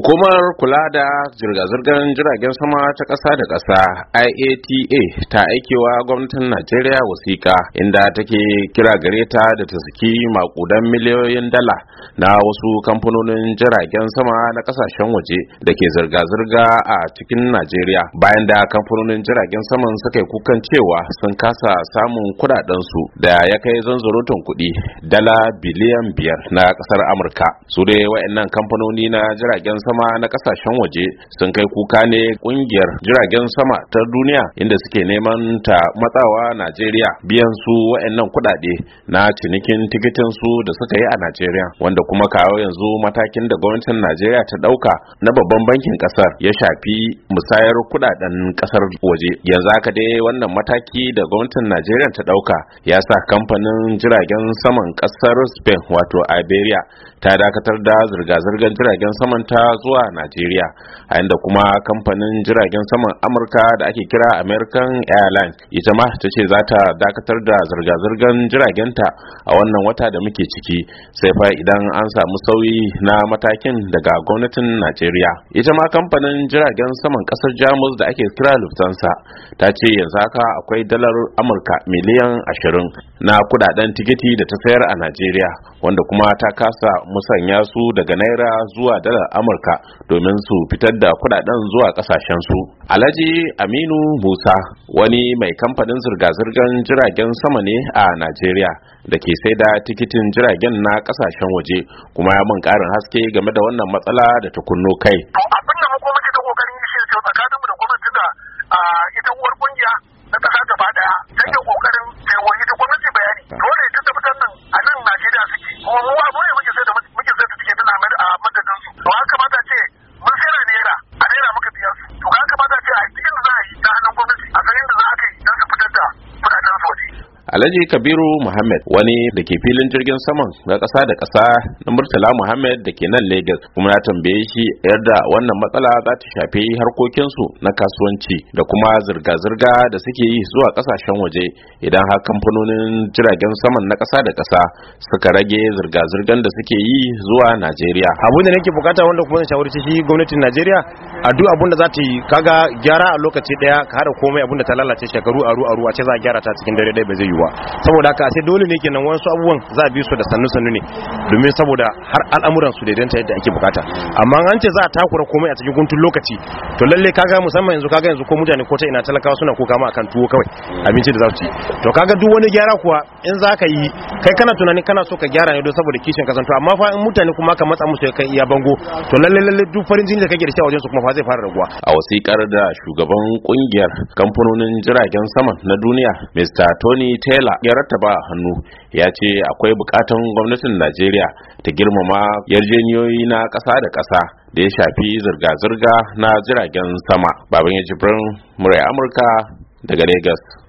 Hukumar kula da zirga-zirgar jiragen sama ta ƙasa da ƙasa IATA ta aikewa gwamnatin Najeriya wasiƙa inda take kira gare ta da ta saki makudan miliyoyin dala na wasu kamfanonin jiragen sama na ƙasashen waje da ke zirga-zirga a cikin Najeriya bayan da kamfanonin jiragen saman suka yi kukan cewa sun kasa samun kuɗaɗensu da ya kai zanzurutun kuɗi dala biliyan biyar na ƙasar Amurka. Su dai waɗannan kamfanoni na jiragen sama sama na kasashen waje sun kai kuka ne kungiyar jiragen sama ta duniya inda suke neman ta matsawa najeriya biyan su wa'annan kuɗaɗe na cinikin tikitin su da suka yi a najeriya wanda kuma kawo yanzu matakin da gwamnatin najeriya ta ɗauka na babban bankin ƙasar ya shafi musayar kuɗaɗen ƙasar waje yanzu haka dai wannan mataki da gwamnatin najeriya ta ɗauka ya sa kamfanin jiragen saman ƙasar spain wato iberia ta dakatar da zirga-zirgar jiragen saman ta zuwa Najeriya a inda kuma kamfanin jiragen saman Amurka da ake kira American Airlines ita ma ta ce za ta dakatar da zirga-zirgar jiragenta a wannan wata da muke ciki sai fa idan an samu sauyi na matakin daga gwamnatin Najeriya ita ma kamfanin jiragen saman kasar Jamus da ake kira Lufthansa ta ce yanzu haka akwai dalar Amurka miliyan 20 na kudaden tikiti da ta sayar a Najeriya wanda kuma ta kasa musanya su daga naira zuwa dalar Amurka amurka domin su fitar da kudaden zuwa su, alhaji aminu musa wani mai kamfanin zirga-zirgar jiragen sama ne a najeriya da ke sai da tikitin jiragen na kasashen waje kuma ya mun karin haske game da wannan matsala da ta kunno kai Alhaji Kabiru Muhammad wani da ke filin jirgin saman na ƙasa da ƙasa na Murtala Muhammad da ke nan Lagos kuma ya tambaye shi yadda wannan matsala za ta shafi harkokinsu na kasuwanci da kuma zirga-zirga da suke yi zuwa ƙasashen waje idan har kamfanonin jiragen saman na ƙasa da ƙasa suka rage zirga-zirgan da suke yi zuwa Najeriya. Abuja da nake bukata wanda kuma shawarci shi gwamnatin Najeriya a duk abinda za ta yi kaga gyara a lokaci daya ka hada komai abinda ta lalace shekaru aru aru a ce za a gyara ta cikin dare daya ba zai yi wa saboda haka sai dole ne kenan wasu abubuwan za a bi su da sannu sannu ne domin saboda har al'amuran su daidaita yadda ake bukata amma an ce za a takura komai a cikin guntun lokaci to lalle kaga musamman yanzu kaga yanzu ko mutane ko ta ina talakawa suna kuka ma akan tuwo kawai abinci da za su ci to kaga duk wani gyara kuwa in za ka yi kai kana tunanin kana so ka gyara ne don saboda kishin kasanto amma fa in mutane kuma ka matsa musu kai iya bango to lalle lalle duk farin jini da kake da shi a wajen su kuma amma zai fara raguwa a wasikar da shugaban kungiyar kamfanonin jiragen sama na duniya Mr. Tony Taylor ya rattaba hannu ya ce akwai bukatun gwamnatin Najeriya ta girmama yarjeniyoyi na ƙasa da ƙasa da ya shafi zirga-zirga na jiragen sama baban ya jibrin murai Amurka daga Lagos